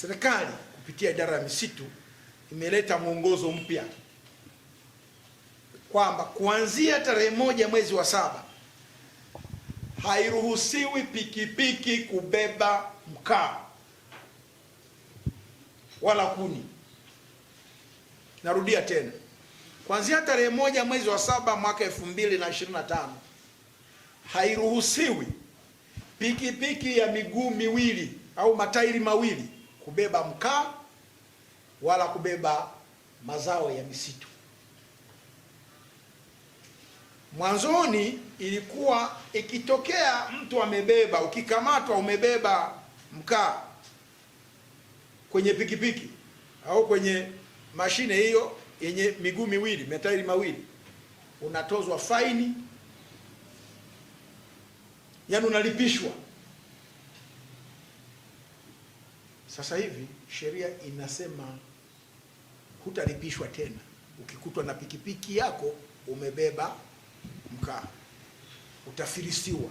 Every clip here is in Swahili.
Serikali kupitia idara ya misitu imeleta mwongozo mpya kwamba kuanzia tarehe moja mwezi wa saba hairuhusiwi pikipiki kubeba mkaa wala kuni. Narudia tena, kuanzia tarehe moja mwezi wa saba mwaka elfu mbili na ishirini na tano hairuhusiwi pikipiki ya miguu miwili au matairi mawili kubeba mkaa wala kubeba mazao ya misitu. Mwanzoni ilikuwa ikitokea mtu amebeba, ukikamatwa umebeba mkaa kwenye pikipiki au kwenye mashine hiyo yenye miguu miwili, matairi mawili, unatozwa faini, yaani unalipishwa Sasa hivi sheria inasema hutalipishwa tena ukikutwa na pikipiki yako umebeba mkaa, utafilisiwa.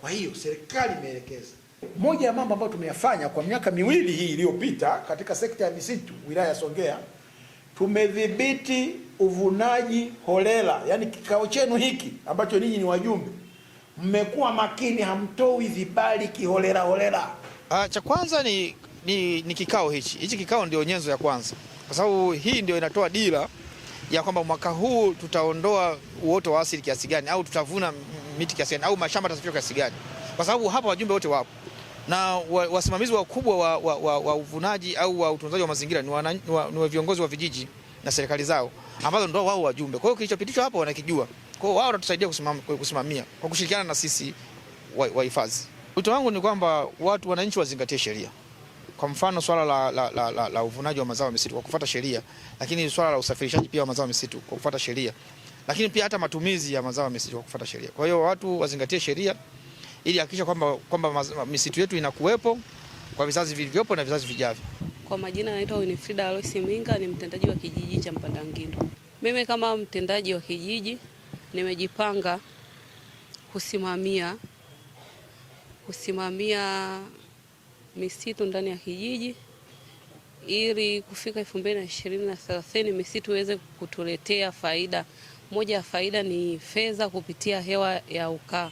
Kwa hiyo serikali imeelekeza. Moja ya mambo ambayo tumeyafanya kwa miaka miwili hii iliyopita katika sekta ya misitu wilaya ya Songea, tumedhibiti uvunaji holela. Yaani kikao chenu hiki ambacho ninyi ni wajumbe, mmekuwa makini, hamtoi vibali kiholela holela. Ah, cha kwanza ni, ni, ni kikao hichi. Hichi kikao ndio nyenzo ya kwanza, kwa sababu hii ndio inatoa dira ya kwamba mwaka huu tutaondoa uoto wa asili kiasi gani au tutavuna miti kiasi gani au mashamba tutafikia kiasi gani, kwa sababu hapa wajumbe wote wapo na wasimamizi wakubwa wa, wa, wa, wa uvunaji au wa utunzaji wa mazingira ni, wana, ni, wa, ni wa viongozi wa vijiji na serikali zao ambazo ndio wao wajumbe. Kwa hiyo kilichopitishwa hapo wanakijua, kwa hiyo wao watatusaidia kusimamia kwa kushirikiana na sisi wahifadhi wa Wito wangu ni kwamba watu wananchi wazingatie sheria, kwa mfano swala la, la, la, la, la uvunaji wa mazao ya misitu kwa kufuata sheria, lakini swala la usafirishaji pia wa mazao ya misitu kwa kufuata sheria, lakini pia hata matumizi ya mazao ya misitu kwa kufuata sheria. Kwa hiyo watu wazingatie sheria ili hakikisha kwamba kwamba misitu yetu inakuwepo kwa vizazi vilivyopo na vizazi vijavyo. Kwa majina naitwa Winifrida Aloisi Minga, ni mtendaji wa kijiji cha Mpandangindo. Mimi kama mtendaji wa kijiji nimejipanga kusimamia kusimamia misitu ndani ya kijiji ili kufika elfu mbili na ishirini na thelathini misitu iweze kutuletea faida. Moja ya faida ni fedha kupitia hewa ya ukaa.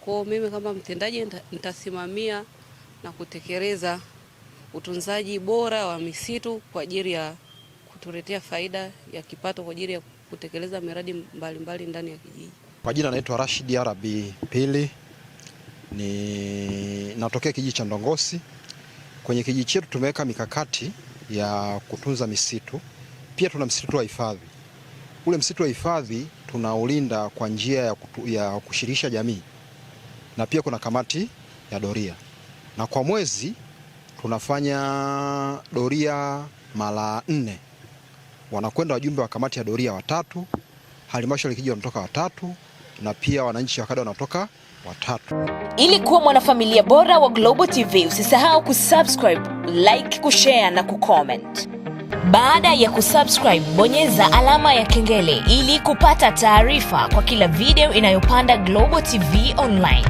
Kwa mimi kama mtendaji nitasimamia na kutekeleza utunzaji bora wa misitu kwa ajili ya kutuletea faida ya kipato kwa ajili ya kutekeleza miradi mbalimbali mbali ndani ya kijiji. Kwa jina naitwa Rashid Arabi Pili ni natokea kijiji cha Ndongosi. Kwenye kijiji chetu tumeweka mikakati ya kutunza misitu, pia tuna msitu wa hifadhi. Ule msitu wa hifadhi tunaulinda kwa njia ya, ya kushirikisha jamii na pia kuna kamati ya doria, na kwa mwezi tunafanya doria mara nne, wanakwenda wajumbe wa kamati ya doria watatu, halmashauri kijiji wanatoka watatu na pia wananchi wa kada wanatoka watatu. Ili kuwa mwanafamilia bora wa Global TV, usisahau kusubscribe, like, kushare na kucomment. Baada ya kusubscribe, bonyeza alama ya kengele ili kupata taarifa kwa kila video inayopanda Global TV Online.